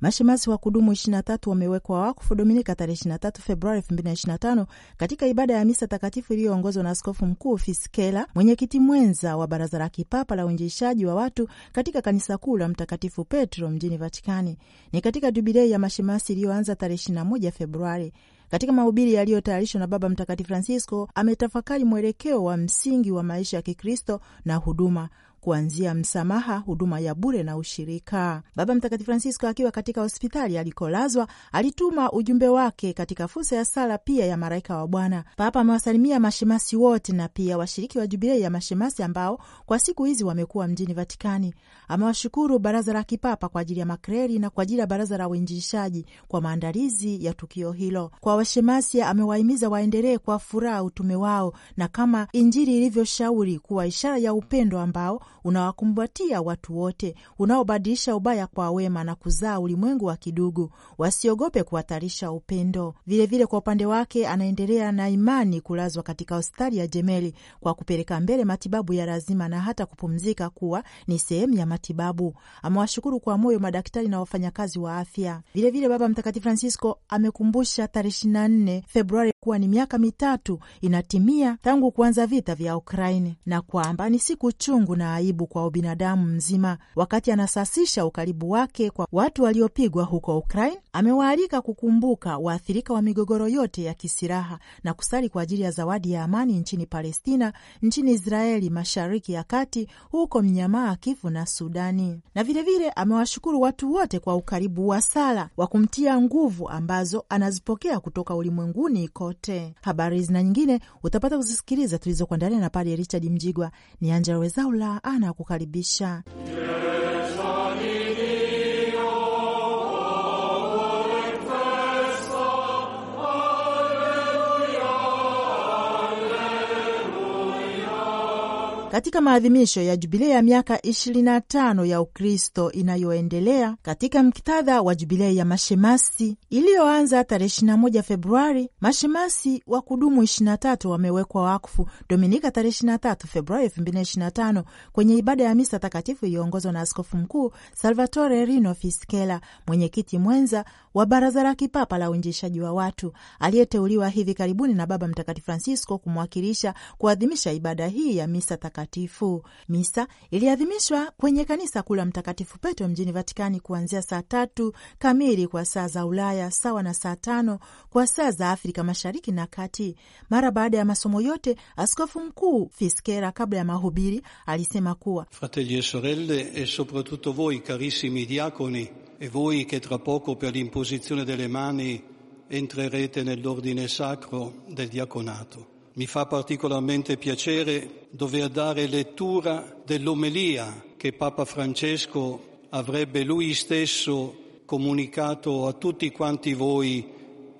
Mashemasi wa kudumu 23 wamewekwa wakfu Dominika tarehe 23 Februari 2025 katika ibada ya misa takatifu iliyoongozwa na Askofu Mkuu Fiskela, mwenyekiti mwenza wa Baraza la Kipapa la Uinjilishaji wa Watu, katika kanisa kuu la Mtakatifu Petro mjini Vatikani. Ni katika jubilei ya mashemasi iliyoanza tarehe 21 Februari. Katika mahubiri yaliyotayarishwa na Baba Mtakatifu Francisco, ametafakari mwelekeo wa msingi wa maisha ya Kikristo na huduma kuanzia msamaha, huduma ya bure na ushirika. Baba Mtakatifu Francisco akiwa katika hospitali alikolazwa alituma ujumbe wake katika fursa ya sala pia ya Malaika wa Bwana. Papa amewasalimia mashemasi wote na pia washiriki wa jubilei ya mashemasi ambao kwa siku hizi wamekuwa mjini Vatikani. Amewashukuru Baraza la Kipapa kwa ajili ya makreli na kwa ajili ya Baraza la Uinjilishaji kwa maandalizi ya tukio hilo. Kwa washemasi amewahimiza waendelee kwa furaha utume wao na kama Injili ilivyoshauri kuwa ishara ya upendo ambao unawakumbatia watu wote, unaobadilisha ubaya kwa wema na kuzaa ulimwengu wa kidugu, wasiogope kuhatarisha upendo. Vilevile vile kwa upande wake anaendelea na imani kulazwa katika hospitali ya Jemeli kwa kupeleka mbele matibabu ya lazima na hata kupumzika kuwa ni sehemu ya matibabu. Amewashukuru kwa moyo madaktari na wafanyakazi wa afya. Vilevile Baba Mtakatifu Francisco amekumbusha tarehe 24 Februari kuwa ni miaka mitatu inatimia tangu kuanza vita vya Ukraini na kwamba ni siku chungu na aibu kwa ubinadamu mzima. Wakati anasasisha ukaribu wake kwa watu waliopigwa huko Ukraini, amewaalika kukumbuka waathirika wa migogoro yote ya kisilaha na kusali kwa ajili ya zawadi ya amani nchini Palestina, nchini Israeli, Mashariki ya Kati, huko Mnyamaa, Kivu na Sudani, na vilevile amewashukuru watu wote kwa ukaribu wa sala wa kumtia nguvu ambazo anazipokea kutoka ulimwenguni ko wote. Habari hizi na nyingine utapata kuzisikiliza tulizokuandalia na Padre Richard Mjigwa. Ni Angela Wezaula ana kukaribisha katika maadhimisho ya jubilei ya miaka 25 ya Ukristo inayoendelea katika mktadha wa jubilei ya mashemasi iliyoanza tarehe 21 Februari. Mashemasi wa kudumu 23 wamewekwa wakfu Dominika tarehe 23 Februari 2025 kwenye ibada ya misa takatifu iliyoongozwa na Askofu Mkuu Salvatore Rino Fiskela, mwenyekiti mwenza wa Baraza la Kipapa la Uinjishaji wa Watu, aliyeteuliwa hivi karibuni na Baba Mtakatifu Francisco kumwakilisha kuadhimisha ibada hii ya misa takatifu Mtakatifu. Misa iliadhimishwa kwenye kanisa kuu la Mtakatifu Petro mjini Vatikani kuanzia saa tatu kamili kwa saa za Ulaya, sawa na saa tano kwa saa za Afrika Mashariki na Kati. Mara baada ya masomo yote, askofu mkuu Fiskera, kabla ya mahubiri, alisema kuwa fratelli e sorelle e soprattutto voi carissimi diaconi e voi che tra poco per l'imposizione delle mani entrerete nell'ordine sacro del diaconato Mi fa particolarmente piacere dover dare lettura dell'omelia che Papa Francesco avrebbe lui stesso comunicato a tutti quanti voi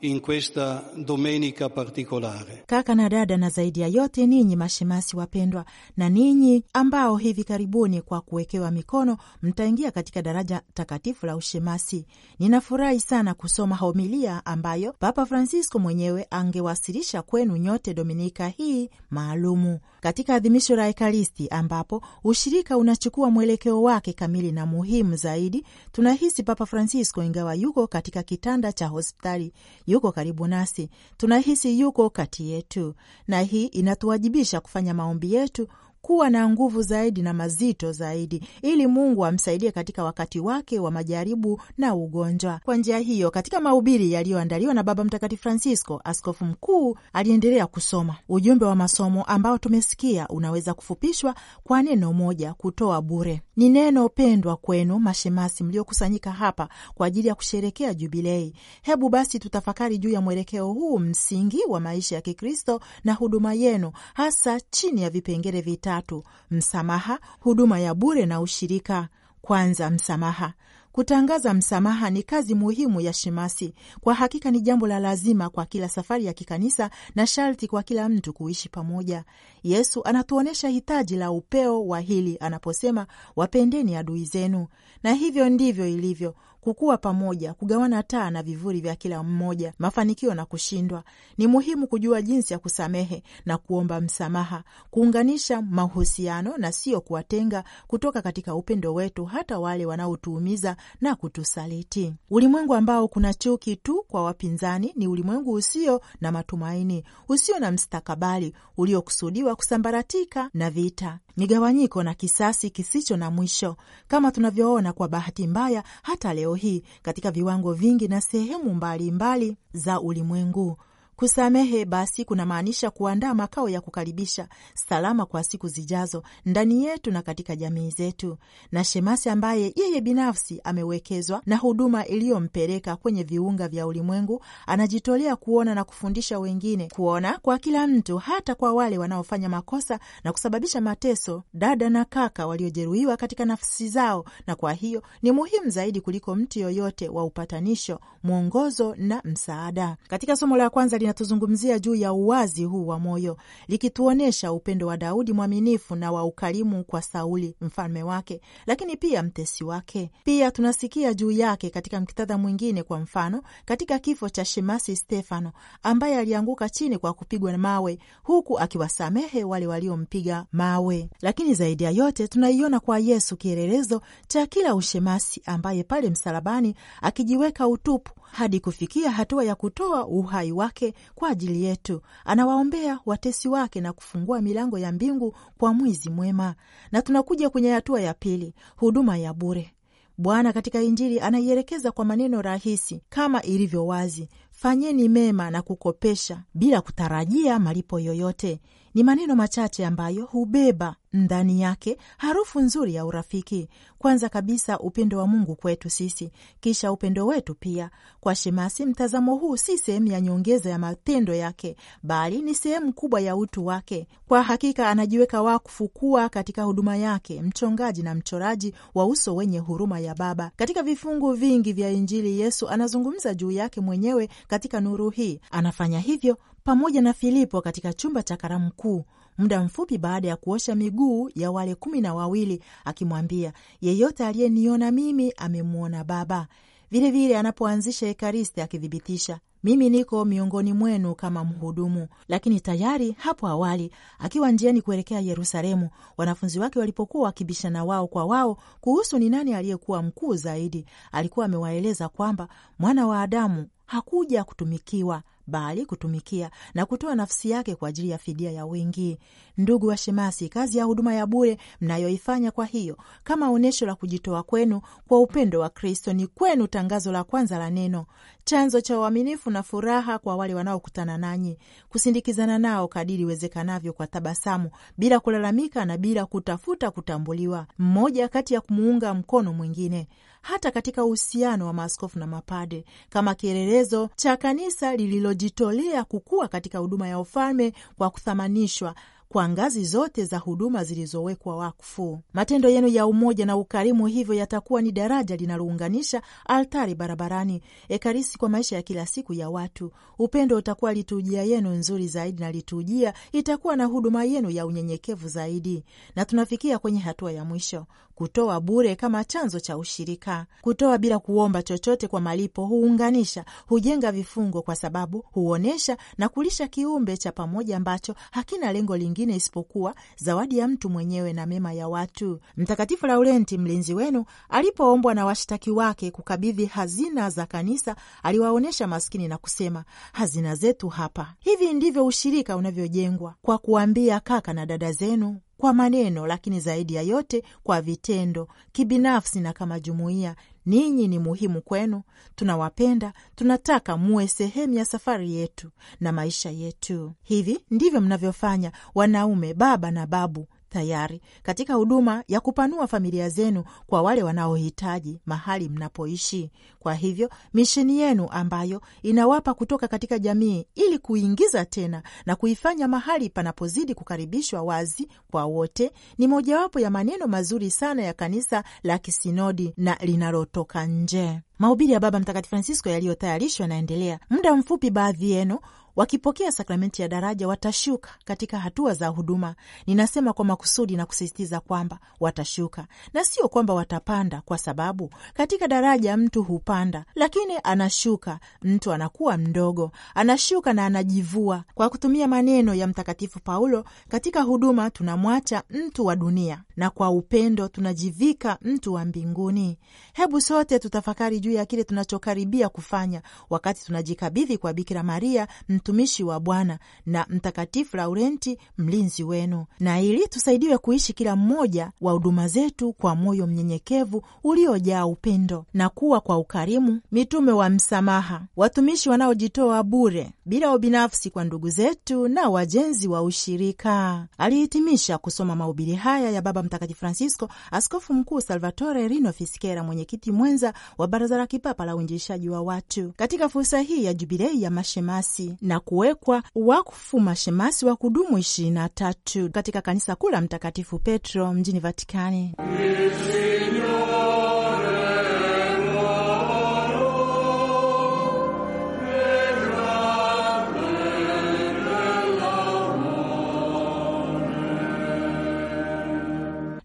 in questa domenica particolare. Kaka na dada, na zaidi ya yote ninyi mashemasi wapendwa, na ninyi ambao hivi karibuni kwa kuwekewa mikono mtaingia katika daraja takatifu la ushemasi, ninafurahi sana kusoma homilia ambayo Papa Francisco mwenyewe angewasilisha kwenu nyote dominika hii maalumu katika adhimisho la Ekaristi, ambapo ushirika unachukua mwelekeo wake kamili na muhimu zaidi. Tunahisi Papa Francisco, ingawa yuko katika kitanda cha hospitali yuko karibu nasi, tunahisi yuko kati yetu, na hii inatuwajibisha kufanya maombi yetu kuwa na nguvu zaidi na mazito zaidi, ili Mungu amsaidie katika wakati wake wa majaribu na ugonjwa. Kwa njia hiyo, katika mahubiri yaliyoandaliwa na Baba Mtakatifu Francisco, askofu mkuu aliendelea kusoma ujumbe wa masomo ambao tumesikia unaweza kufupishwa kwa neno moja: kutoa bure. Ni neno pendwa kwenu mashemasi mliokusanyika hapa kwa ajili ya kusherekea Jubilei. Hebu basi tutafakari juu ya mwelekeo huu msingi wa maisha ya Kikristo na huduma yenu, hasa chini ya vipengele vita tatu: msamaha, huduma ya bure na ushirika. Kwanza, msamaha. Kutangaza msamaha ni kazi muhimu ya shemasi. Kwa hakika ni jambo la lazima kwa kila safari ya kikanisa na sharti kwa kila mtu kuishi pamoja. Yesu anatuonyesha hitaji la upeo wa hili anaposema, wapendeni adui zenu, na hivyo ndivyo ilivyo kukua pamoja, kugawana taa na vivuli vya kila mmoja, mafanikio na kushindwa. Ni muhimu kujua jinsi ya kusamehe na kuomba msamaha, kuunganisha mahusiano na sio kuwatenga kutoka katika upendo wetu, hata wale wanaotuumiza na kutusaliti. Ulimwengu ambao kuna chuki tu kwa wapinzani ni ulimwengu usio na matumaini, usio na mstakabali, uliokusudiwa kusambaratika na vita, migawanyiko na kisasi kisicho na mwisho, kama tunavyoona kwa bahati mbaya hata leo leo hii katika viwango vingi na sehemu mbalimbali mbali za ulimwengu. Kusamehe basi kunamaanisha kuandaa makao ya kukaribisha salama kwa siku zijazo ndani yetu na katika jamii zetu, na shemasi ambaye yeye binafsi amewekezwa na huduma iliyompeleka kwenye viunga vya ulimwengu, anajitolea kuona na kufundisha wengine kuona kwa kila mtu, hata kwa wale wanaofanya makosa na kusababisha mateso, dada na kaka waliojeruhiwa katika nafsi zao, na kwa hiyo ni muhimu zaidi kuliko mtu yoyote wa upatanisho, mwongozo na msaada. Katika somo la kwanza linatuzungumzia juu ya uwazi huu wa moyo, likituonyesha upendo wa Daudi mwaminifu na wa ukarimu kwa Sauli mfalme wake, lakini pia mtesi wake. Pia tunasikia juu yake katika mktadha mwingine, kwa mfano katika kifo cha Shemasi Stefano ambaye alianguka chini kwa kupigwa mawe, huku akiwasamehe wale waliompiga mawe. Lakini zaidi ya yote, tunaiona kwa Yesu kielelezo cha kila ushemasi, ambaye pale msalabani akijiweka utupu hadi kufikia hatua ya kutoa uhai wake kwa ajili yetu, anawaombea watesi wake na kufungua milango ya mbingu kwa mwizi mwema. Na tunakuja kwenye hatua ya pili, huduma ya bure. Bwana katika Injili anaielekeza kwa maneno rahisi kama ilivyo wazi: fanyeni mema na kukopesha bila kutarajia malipo yoyote. Ni maneno machache ambayo hubeba ndani yake harufu nzuri ya urafiki. Kwanza kabisa upendo wa Mungu kwetu sisi, kisha upendo wetu pia kwa Shemasi. Mtazamo huu si sehemu ya nyongeza ya matendo yake, bali ni sehemu kubwa ya utu wake. Kwa hakika, anajiweka wakfu kuwa katika huduma yake mchongaji na mchoraji wa uso wenye huruma ya Baba. Katika vifungu vingi vya Injili, Yesu anazungumza juu yake mwenyewe katika nuru hii. Anafanya hivyo pamoja na Filipo katika chumba cha karamu kuu muda mfupi baada ya kuosha miguu ya wale kumi na wawili akimwambia, yeyote aliyeniona mimi amemwona Baba. Vilevile anapoanzisha Ekaristi akithibitisha mimi niko miongoni mwenu kama mhudumu. Lakini tayari hapo awali, akiwa njiani kuelekea Yerusalemu, wanafunzi wake walipokuwa wakibishana wao kwa wao kuhusu ni nani aliyekuwa mkuu zaidi, alikuwa amewaeleza kwamba mwana wa Adamu hakuja kutumikiwa bali kutumikia na kutoa nafsi yake kwa ajili ya fidia ya wengi. Ndugu wa shemasi, kazi ya huduma ya bure mnayoifanya kwa hiyo kama onyesho la kujitoa kwenu kwa upendo wa Kristo ni kwenu tangazo la kwanza la neno, chanzo cha uaminifu na furaha kwa wale wanaokutana nanyi, kusindikizana nao kadiri iwezekanavyo kwa tabasamu, bila kulalamika na bila kutafuta kutambuliwa, mmoja kati ya kumuunga mkono mwingine hata katika uhusiano wa maaskofu na mapade kama kielelezo cha kanisa lililojitolea kukua katika huduma ya ufalme kwa kuthamanishwa kwa ngazi zote za huduma zilizowekwa wakfu. Matendo yenu ya umoja na ukarimu hivyo yatakuwa ni daraja linalounganisha altari barabarani, Ekaristi kwa maisha ya kila siku ya watu. Upendo utakuwa liturujia yenu nzuri zaidi, na liturujia itakuwa na huduma yenu ya unyenyekevu zaidi. Na tunafikia kwenye hatua ya mwisho, kutoa bure kama chanzo cha ushirika. Kutoa bila kuomba chochote kwa malipo huunganisha, hujenga vifungo, kwa sababu huonyesha na kulisha kiumbe cha pamoja ambacho hakina lengo lingine nyingine isipokuwa zawadi ya mtu mwenyewe na mema ya watu. Mtakatifu Laurenti mlinzi wenu alipoombwa na washtaki wake kukabidhi hazina za kanisa, aliwaonyesha maskini na kusema, hazina zetu hapa. Hivi ndivyo ushirika unavyojengwa kwa kuambia kaka na dada zenu kwa maneno, lakini zaidi ya yote kwa vitendo, kibinafsi na kama jumuiya, Ninyi ni muhimu kwenu, tunawapenda, tunataka muwe sehemu ya safari yetu na maisha yetu. Hivi ndivyo mnavyofanya, wanaume, baba na babu, tayari katika huduma ya kupanua familia zenu kwa wale wanaohitaji mahali mnapoishi. Kwa hivyo misheni yenu ambayo inawapa kutoka katika jamii ili kuingiza tena na kuifanya mahali panapozidi kukaribishwa wazi kwa wote ni mojawapo ya maneno mazuri sana ya kanisa la kisinodi na linalotoka nje. Mahubiri ya Baba Mtakatifu Francisco yaliyotayarishwa yanaendelea. Muda mfupi, baadhi yenu wakipokea sakramenti ya daraja watashuka katika hatua za huduma. Ninasema kwa makusudi na kusisitiza kwamba watashuka na sio kwamba watapanda, kwa sababu katika daraja mtu hupanda, lakini anashuka. Mtu anakuwa mdogo, anashuka na anajivua. Kwa kutumia maneno ya Mtakatifu Paulo, katika huduma tunamwacha mtu wa dunia na kwa upendo tunajivika mtu wa mbinguni. Hebu sote tutafakari juu ya kile tunachokaribia kufanya wakati tunajikabidhi kwa Bikira Maria mtumishi wa Bwana na Mtakatifu Laurenti, mlinzi wenu, na ili tusaidiwe kuishi kila mmoja wa huduma zetu kwa moyo mnyenyekevu uliojaa upendo na kuwa kwa ukarimu mitume wa msamaha, watumishi wanaojitoa bure bila ubinafsi kwa ndugu zetu na wajenzi wa ushirika. Alihitimisha kusoma mahubiri haya ya Baba Mtakatifu Francisco Askofu Mkuu Salvatore Rino Fiskera, mwenyekiti mwenza wa Baraza la Kipapa la Uinjilishaji wa Watu, katika fursa hii ya Jubilei ya Mashemasi na kuwekwa wakfu mashemasi wa kudumu ishirini na tatu katika kanisa kuu la Mtakatifu Petro mjini Vatikani.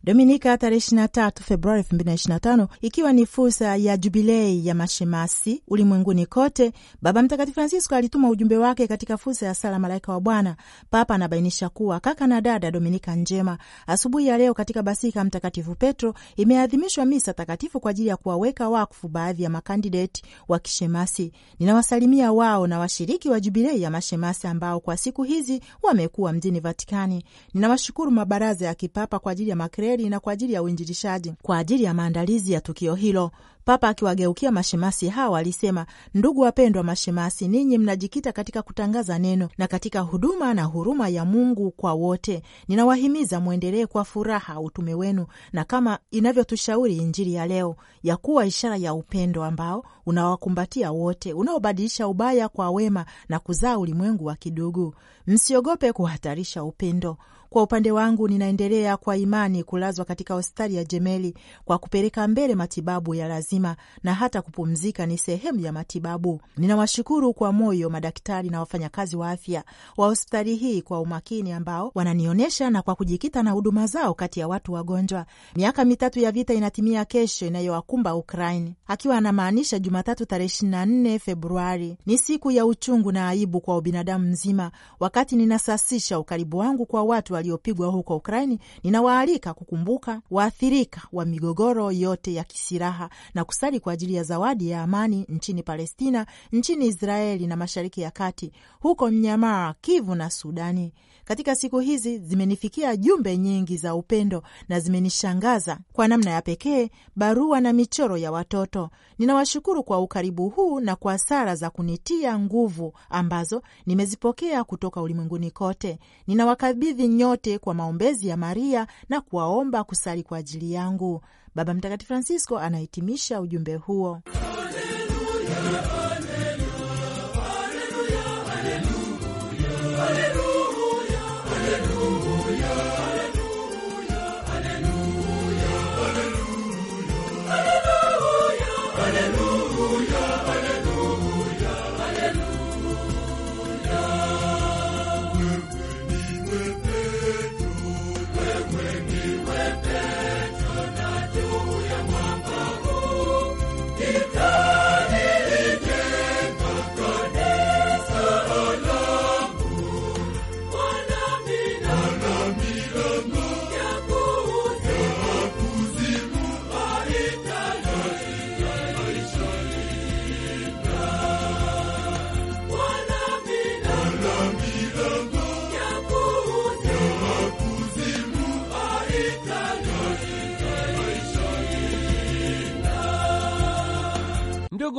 Dominika tarehe 23 Februari 2025 ikiwa ni fursa ya jubilei ya mashemasi ulimwenguni kote, Baba Mtakatifu Francisco alituma ujumbe wake katika fursa ya sala malaika wa Bwana. Papa anabainisha kuwa kaka na dada, dominika njema. Asubuhi ya leo katika Basilika Mtakatifu Petro imeadhimishwa misa takatifu kwa ajili ya kuwaweka wakfu baadhi ya makandideti wa kishemasi. Ninawasalimia wao na washiriki wa jubilei ya mashemasi ambao kwa siku hizi wamekuwa mjini Vatikani. Ninawashukuru mabaraza ya kipapa kwa ajili ya makreli kweli na kwa ajili ya uinjilishaji kwa ajili ya maandalizi ya tukio hilo. Papa akiwageukia mashemasi hawa alisema, ndugu wapendwa mashemasi, ninyi mnajikita katika kutangaza neno na katika huduma na huruma ya Mungu kwa wote. Ninawahimiza mwendelee kwa furaha utume wenu, na kama inavyotushauri Injili ya leo, ya kuwa ishara ya upendo ambao unawakumbatia wote, unaobadilisha ubaya kwa wema na kuzaa ulimwengu wa kidugu. Msiogope kuhatarisha upendo. Kwa upande wangu ninaendelea kwa imani kulazwa katika hospitali ya Jemeli kwa kupeleka mbele matibabu ya lazima lazima na hata kupumzika ni sehemu ya matibabu. Ninawashukuru kwa moyo madaktari na wafanyakazi wa afya wa hospitali hii kwa umakini ambao wananionyesha na kwa kujikita na huduma zao kati ya watu wagonjwa. Miaka mitatu ya vita inatimia kesho inayowakumba Ukraine, akiwa anamaanisha Jumatatu tarehe 24 Februari. Ni siku ya uchungu na aibu kwa ubinadamu mzima. Wakati ninasasisha ukaribu wangu kwa watu waliopigwa huko Ukraini, ninawaalika kukumbuka waathirika wa migogoro yote ya kisiraha na kusali kwa ajili ya zawadi ya amani nchini Palestina, nchini Israeli na Mashariki ya Kati, huko Mnyamara, Kivu na Sudani. Katika siku hizi zimenifikia jumbe nyingi za upendo na zimenishangaza kwa namna ya pekee, barua na michoro ya watoto. Ninawashukuru kwa ukaribu huu na kwa sala za kunitia nguvu ambazo nimezipokea kutoka ulimwenguni kote. Ninawakabidhi nyote kwa maombezi ya Maria na kuwaomba kusali kwa ajili yangu. Baba Mtakatifu Francisco anahitimisha ujumbe huo. Alleluia.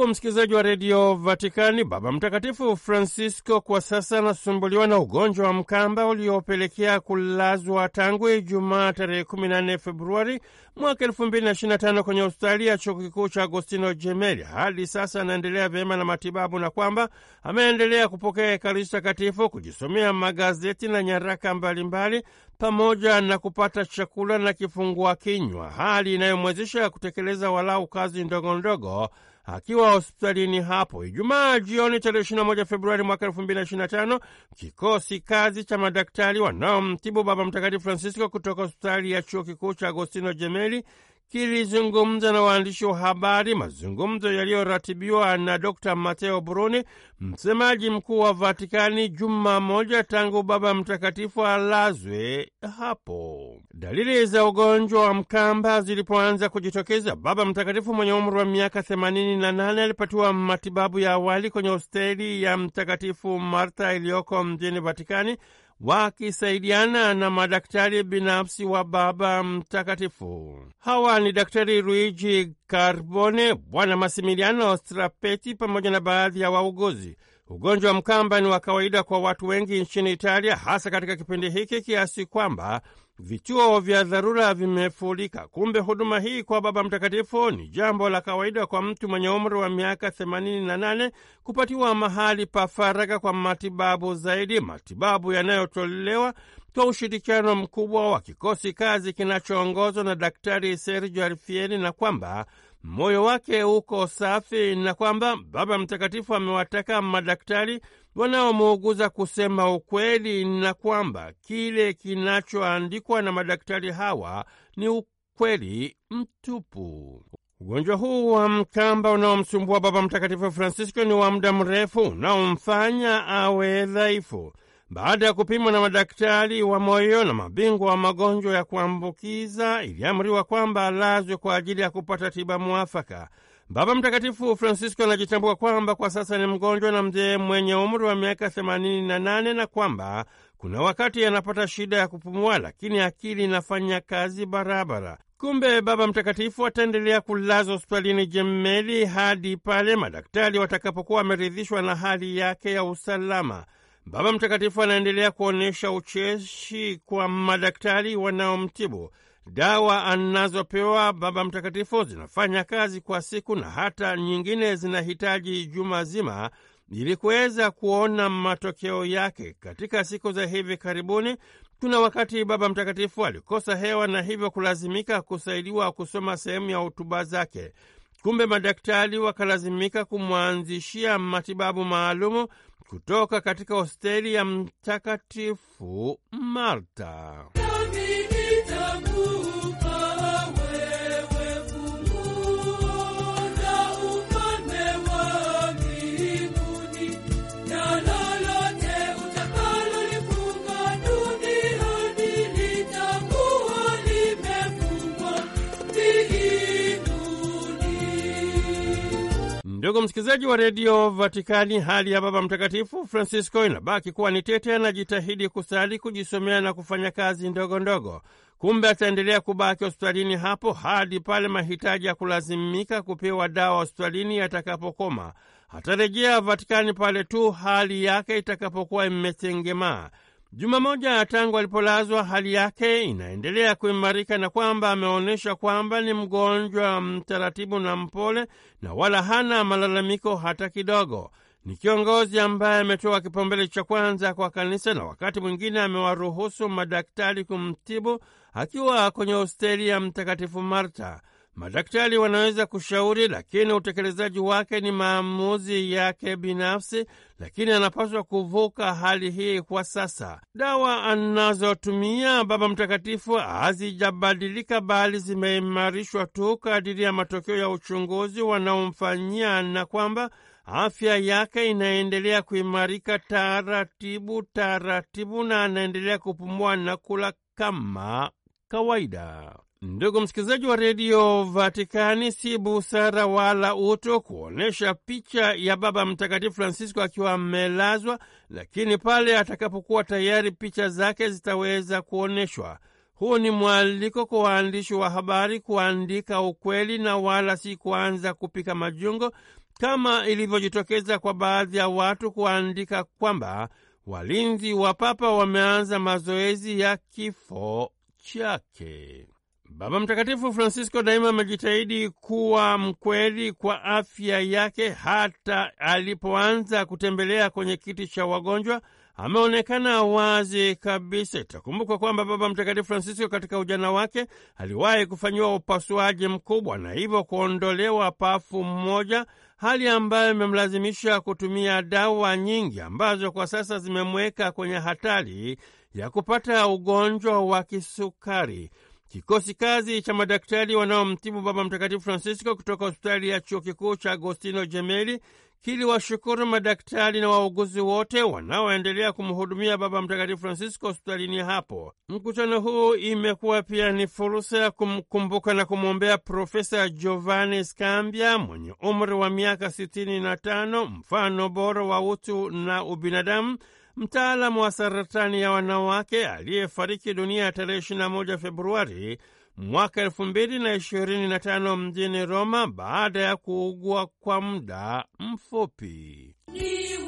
Ndugu msikilizaji wa redio Vatikani, Baba Mtakatifu Francisco kwa sasa anasumbuliwa na ugonjwa wa mkamba uliopelekea kulazwa tangu Ijumaa tarehe 14 Februari mwaka 2025 kwenye hospitali ya chuo kikuu cha Agostino Jemeli. Hadi sasa anaendelea vyema na matibabu na kwamba ameendelea kupokea Ekaristi Takatifu, kujisomea magazeti na nyaraka mbalimbali mbali, pamoja na kupata chakula na kifungua kinywa, hali inayomwezesha kutekeleza walau kazi ndogo ndogo akiwa hospitalini hapo. Ijumaa jioni tarehe 21 Februari mwaka 2025, kikosi kazi cha madaktari wanaomtibu Baba Mtakatifu Francisco kutoka hospitali ya chuo kikuu cha Agostino Jemeli kilizungumza na waandishi wa habari, mazungumzo yaliyoratibiwa na Dr Mateo Bruni, msemaji mkuu wa Vatikani, juma moja tangu Baba Mtakatifu alazwe hapo. Dalili za ugonjwa wa mkamba zilipoanza kujitokeza, Baba Mtakatifu mwenye umri wa miaka 88 alipatiwa matibabu ya awali kwenye hosteli ya Mtakatifu Marta iliyoko mjini Vatikani wakisaidiana na madaktari binafsi wa Baba Mtakatifu. Hawa ni Daktari Luigi Carbone, Bwana Masimiliano Strapeti pamoja na baadhi ya wauguzi. Ugonjwa wa mkamba ni wa kawaida kwa watu wengi nchini Italia, hasa katika kipindi hiki kiasi kwamba vituo vya dharura vimefurika. Kumbe huduma hii kwa Baba Mtakatifu ni jambo la kawaida kwa mtu mwenye umri wa miaka 88 kupatiwa mahali pa faraga kwa matibabu zaidi, matibabu yanayotolewa kwa ushirikiano mkubwa wa kikosi kazi kinachoongozwa na Daktari Sergio Alfieri na kwamba moyo wake uko safi na kwamba Baba Mtakatifu amewataka madaktari wanaomuuguza kusema ukweli na kwamba kile kinachoandikwa na madaktari hawa ni ukweli mtupu. Ugonjwa huu wa mkamba unaomsumbua Baba Mtakatifu Francisco ni wa muda mrefu unaomfanya awe dhaifu baada ya kupimwa na madaktari wa moyo na mabingwa wa magonjwa ya kuambukiza iliamriwa kwamba alazwe kwa ajili ya kupata tiba mwafaka. Baba Mtakatifu Francisco anajitambua kwamba kwa sasa ni mgonjwa na mzee mwenye umri wa miaka 88 na kwamba kuna wakati anapata shida ya kupumua, lakini akili inafanya kazi barabara. Kumbe Baba Mtakatifu ataendelea kulazwa hospitalini Jemmeli hadi pale madaktari watakapokuwa wameridhishwa na hali yake ya usalama. Baba Mtakatifu anaendelea kuonyesha ucheshi kwa madaktari wanaomtibu. Dawa anazopewa Baba Mtakatifu zinafanya kazi kwa siku na hata nyingine zinahitaji juma zima ili kuweza kuona matokeo yake. Katika siku za hivi karibuni, kuna wakati Baba Mtakatifu alikosa hewa na hivyo kulazimika kusaidiwa kusoma sehemu ya hotuba zake. Kumbe madaktari wakalazimika kumwanzishia matibabu maalumu kutoka katika hosteli ya Mtakatifu Marta. Ndugu msikilizaji wa redio Vatikani, hali ya Baba Mtakatifu Francisco inabaki kuwa ni tete. Anajitahidi kusali, kujisomea na kufanya kazi ndogo ndogo. Kumbe ataendelea kubaki hospitalini hapo hadi pale mahitaji ya kulazimika kupewa dawa hospitalini yatakapokoma. Atarejea Vatikani pale tu hali yake itakapokuwa imetengemaa. Juma moja tangu alipolazwa, hali yake inaendelea kuimarika na kwamba ameonyesha kwamba ni mgonjwa mtaratibu na mpole na wala hana malalamiko hata kidogo. Ni kiongozi ambaye ametoa kipaumbele cha kwanza kwa kanisa na wakati mwingine amewaruhusu madaktari kumtibu akiwa kwenye hosteli ya Mtakatifu Marta. Madaktari wanaweza kushauri, lakini utekelezaji wake ni maamuzi yake binafsi, lakini anapaswa kuvuka hali hii kwa sasa. Dawa anazotumia Baba Mtakatifu hazijabadilika, bali zimeimarishwa tu kadiri ya matokeo ya uchunguzi wanaomfanyia na kwamba afya yake inaendelea kuimarika taratibu taratibu, na anaendelea kupumua na kula kama kawaida. Ndugu msikilizaji wa redio Vatikani, si busara wala utu kuonyesha picha ya Baba Mtakatifu Francisco akiwa amelazwa, lakini pale atakapokuwa tayari picha zake zitaweza kuonyeshwa. Huu ni mwaliko kwa waandishi wa habari kuandika ukweli na wala si kuanza kupika majungo kama ilivyojitokeza kwa baadhi ya watu kuandika kwamba walinzi wa papa wameanza mazoezi ya kifo chake. Baba Mtakatifu Francisco daima amejitahidi kuwa mkweli kwa afya yake. Hata alipoanza kutembelea kwenye kiti cha wagonjwa ameonekana wazi kabisa. Itakumbukwa kwamba Baba Mtakatifu Francisco katika ujana wake aliwahi kufanyiwa upasuaji mkubwa na hivyo kuondolewa pafu mmoja, hali ambayo imemlazimisha kutumia dawa nyingi ambazo kwa sasa zimemweka kwenye hatari ya kupata ugonjwa wa kisukari. Kikosi kazi cha madaktari wanaomtibu Baba Mtakatifu Francisco kutoka hospitali ya chuo kikuu cha Agostino Jemeli kiliwashukuru madaktari na wauguzi wote wanaoendelea kumhudumia Baba Mtakatifu Francisco hospitalini hapo. Mkutano huu imekuwa pia ni fursa ya kumkumbuka na kumwombea Profesa Giovanni Scambia mwenye umri wa miaka 65, mfano bora wa utu na ubinadamu mtaalamu wa saratani ya wanawake aliyefariki dunia ya tarehe 21 Februari mwaka 2025 mjini Roma baada ya kuugua kwa muda mfupi. Ni wewe,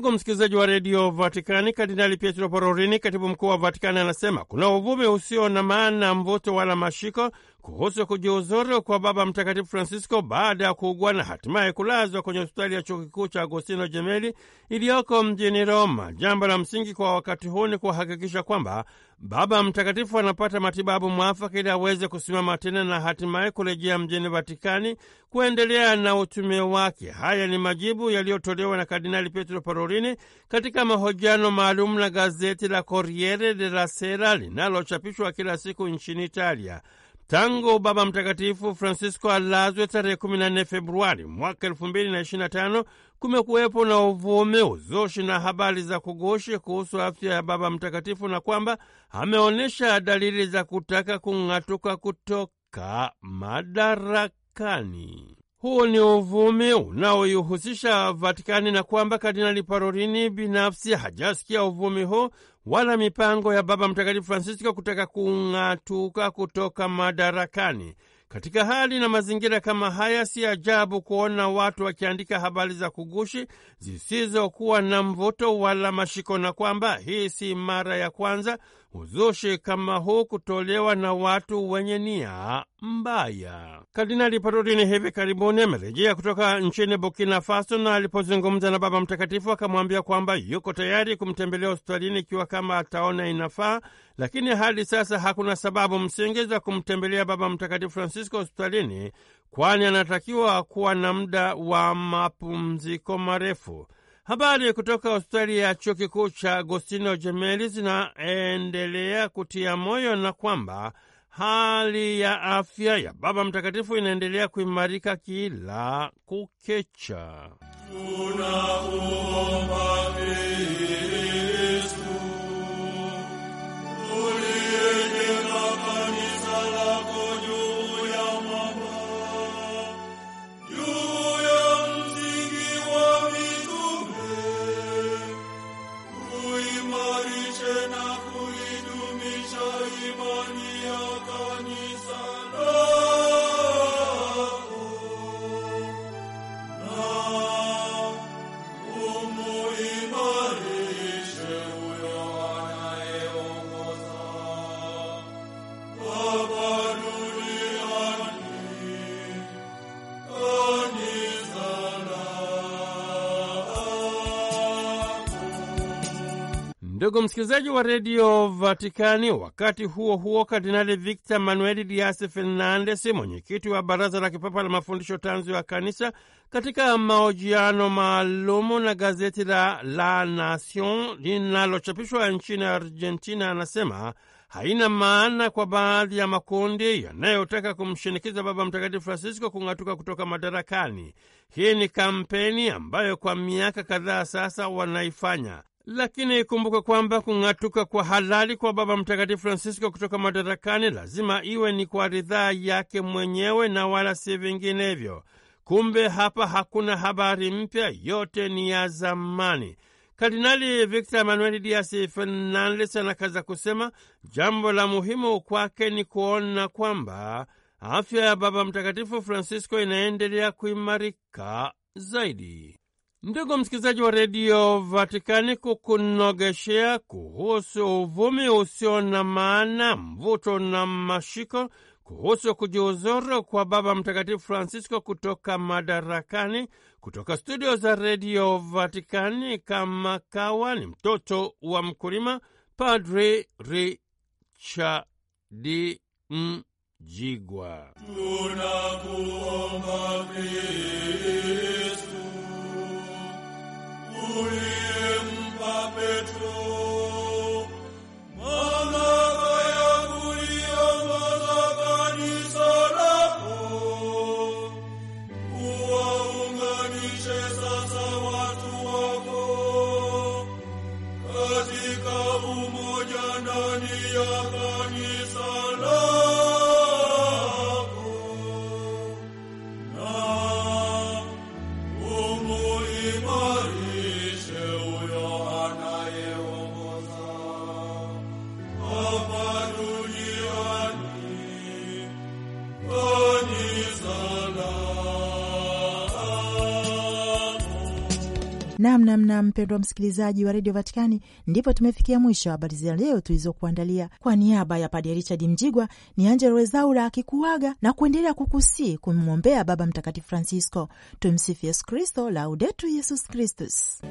Ndugu msikilizaji wa redio Vatikani, Kardinali Pietro Parolini, katibu mkuu wa Vatikani, anasema kuna uvumi usio na maana, mvuto wala mashiko kuhusu kujiuzuru kwa Baba Mtakatifu Francisco baada ya kuugua na hatimaye kulazwa kwenye hospitali ya chuo kikuu cha Agostino Jemeli iliyoko mjini Roma. Jambo la msingi kwa wakati huu ni kuhakikisha kwamba Baba Mtakatifu anapata matibabu mwafaka ili aweze kusimama tena na hatimaye kurejea mjini Vatikani kuendelea na utume wake. Haya ni majibu yaliyotolewa na Kardinali petro Parolini katika mahojiano maalum na gazeti la Corriere della Sera linalochapishwa kila siku nchini Italia. Tangu Baba Mtakatifu Francisco alazwe tarehe 14 Februari mwaka 2025 kumekuwepo na uvumi, uzushi na habari za kugushi kuhusu afya ya Baba Mtakatifu na kwamba ameonyesha dalili za kutaka kung'atuka kutoka madarakani huu ni uvumi unaoihusisha Vatikani na kwamba Kardinali Parolini binafsi hajasikia uvumi huu wala mipango ya Baba Mtakatifu Francisco kutaka kung'atuka kutoka madarakani. Katika hali na mazingira kama haya, si ajabu kuona watu wakiandika habari za kugushi zisizokuwa na mvuto wala mashiko, na kwamba hii si mara ya kwanza uzushi kama huu kutolewa na watu wenye nia mbaya. Kardinali Parolin hivi karibuni amerejea kutoka nchini Burkina Faso, na alipozungumza na Baba Mtakatifu akamwambia kwamba yuko tayari kumtembelea hospitalini ikiwa kama ataona inafaa, lakini hadi sasa hakuna sababu msingi za kumtembelea Baba Mtakatifu Francisco hospitalini, kwani anatakiwa kuwa na muda wa mapumziko marefu. Habari kutoka hospitali ya chuo kikuu cha Agostino Jemeli zinaendelea kutia moyo na kwamba hali ya afya ya Baba Mtakatifu inaendelea kuimarika kila kukecha Tunaomba. Ndugu msikilizaji wa redio Vatikani, wakati huo huo, Kardinali Victor Manuel Dias Fernandes, mwenyekiti wa baraza la kipapa la mafundisho tanzu ya kanisa, katika mahojiano maalumu na gazeti la La Nation linalochapishwa nchini Argentina, anasema haina maana kwa baadhi ya makundi yanayotaka kumshinikiza Baba Mtakatifu Francisco kung'atuka kutoka madarakani. Hii ni kampeni ambayo kwa miaka kadhaa sasa wanaifanya. Lakini ikumbuke kwamba kung'atuka kwa halali kwa Baba Mtakatifu Francisco kutoka madarakani lazima iwe ni kwa ridhaa yake mwenyewe na wala si vinginevyo. Kumbe hapa hakuna habari mpya, yote ni ya zamani. Kardinali Victor emmanuel Dias Fernandes anakaza kusema jambo la muhimu kwake ni kuona kwamba afya ya Baba Mtakatifu Francisco inaendelea kuimarika zaidi. Ndugu msikilizaji wa redio Vatikani, kukunogeshea kuhusu uvumi usio na maana, mvuto na mashiko, kuhusu kujiuzuru kwa Baba Mtakatifu Francisco kutoka madarakani, kutoka studio za redio Vatikani, kama kawa ni mtoto wa mkulima, Padri Richard Mjigwa. Tunakuomba Ulimpa Petrus. Nam namna, mpendwa msikilizaji wa redio Vatikani, ndipo tumefikia mwisho wa habari za leo tulizokuandalia. Kwa niaba ya Padre Richard Mjigwa ni Angelo Rezaula akikuaga na kuendelea kukusii kumwombea Baba Mtakatifu Francisco. Tumsifu Yesu Kristo, Laudetu Yesus Kristus.